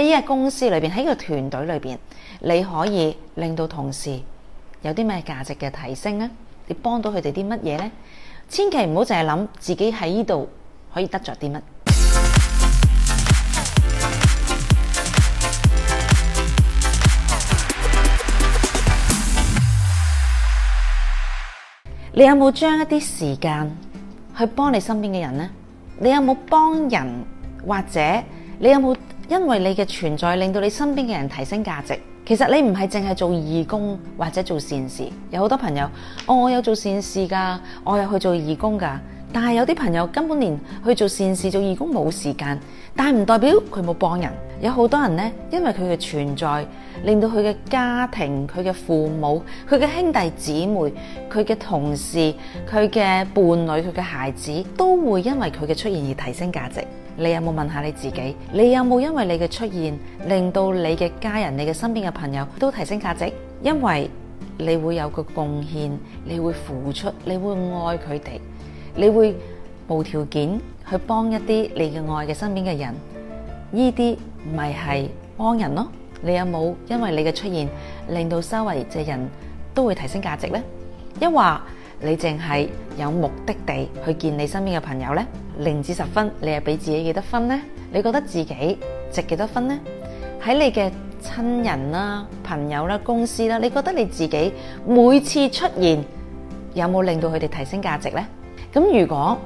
喺呢個公司裏邊，喺呢個團隊裏邊，你可以令到同事有啲咩價值嘅提升呢？你幫到佢哋啲乜嘢呢？千祈唔好淨係諗自己喺呢度可以得着啲乜。 你有冇將一啲時間去幫你身邊嘅人呢？你有冇幫人或者你有冇？因為你嘅存在令到你身邊嘅人提升價值，其實你唔係淨係做義工或者做善事，有好多朋友，哦，我有做善事㗎，我有去做義工㗎。但係有啲朋友根本連去做善事、做義工冇時間，但係唔代表佢冇幫人。有好多人呢，因為佢嘅存在，令到佢嘅家庭、佢嘅父母、佢嘅兄弟姊妹、佢嘅同事、佢嘅伴侶、佢嘅孩子都會因為佢嘅出現而提升價值。你有冇問下你自己？你有冇因為你嘅出現，令到你嘅家人、你嘅身邊嘅朋友都提升價值？因為你會有個貢獻，你會付出，你會愛佢哋。你會無條件去幫一啲你嘅愛嘅身邊嘅人，呢啲咪係幫人咯？你有冇因為你嘅出現令到周圍嘅人都會提升價值呢？抑或你淨係有目的地去見你身邊嘅朋友呢，零至十分，你係俾自己幾多分呢？你覺得自己值幾多分呢？喺你嘅親人啦、朋友啦、公司啦，你覺得你自己每次出現有冇令到佢哋提升價值呢？咁如果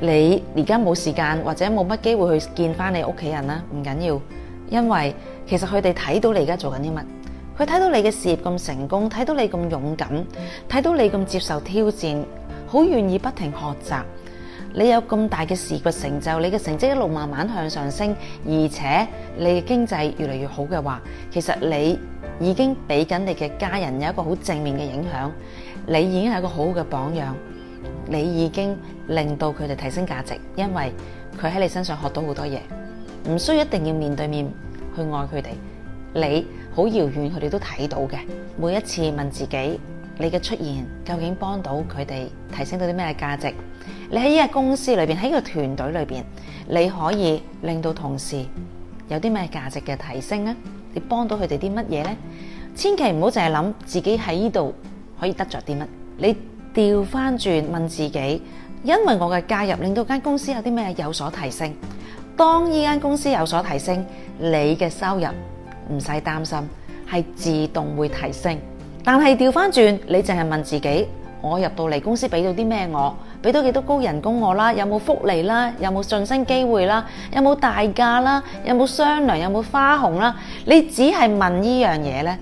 你而家冇時間或者冇乜機會去見翻你屋企人啦，唔緊要，因為其實佢哋睇到你而家做緊啲乜，佢睇到你嘅事業咁成功，睇到你咁勇敢，睇到你咁接受挑戰，好願意不停學習。你有咁大嘅事業嘅成就，你嘅成績一路慢慢向上升，而且你嘅經濟越嚟越好嘅話，其實你已經俾緊你嘅家人有一個好正面嘅影響，你已經係一個好好嘅榜樣。你已經令到佢哋提升價值，因為佢喺你身上學到好多嘢，唔需要一定要面對面去愛佢哋。你好遙遠，佢哋都睇到嘅。每一次問自己，你嘅出現究竟幫到佢哋提升到啲咩價值？你喺呢個公司裏邊，喺呢個團隊裏邊，你可以令到同事有啲咩價值嘅提升呢？你幫到佢哋啲乜嘢呢？千祈唔好淨係諗自己喺呢度可以得着啲乜，你。調翻轉問自己，因為我嘅加入令到間公司有啲咩有所提升？當呢間公司有所提升，你嘅收入唔使擔心，係自動會提升。但係調翻轉，你淨係問自己，我入到嚟公司俾到啲咩？我俾到幾多高人工？我啦，有冇福利啦？有冇晉升機會啦？有冇大假啦？有冇商量？有冇花紅啦？你只係問呢樣嘢呢，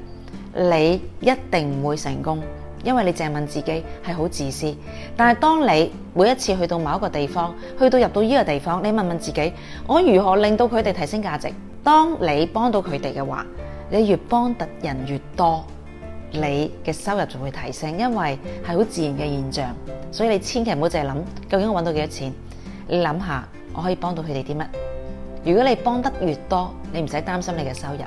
你一定唔會成功。因為你淨係問自己係好自私，但係當你每一次去到某一個地方，去到入到呢個地方，你問問自己，我如何令到佢哋提升價值？當你幫到佢哋嘅話，你越幫得人越多，你嘅收入就會提升，因為係好自然嘅現象。所以你千祈唔好淨係諗究竟我搵到幾多錢，你諗下我可以幫到佢哋啲乜？如果你幫得越多，你唔使擔心你嘅收入。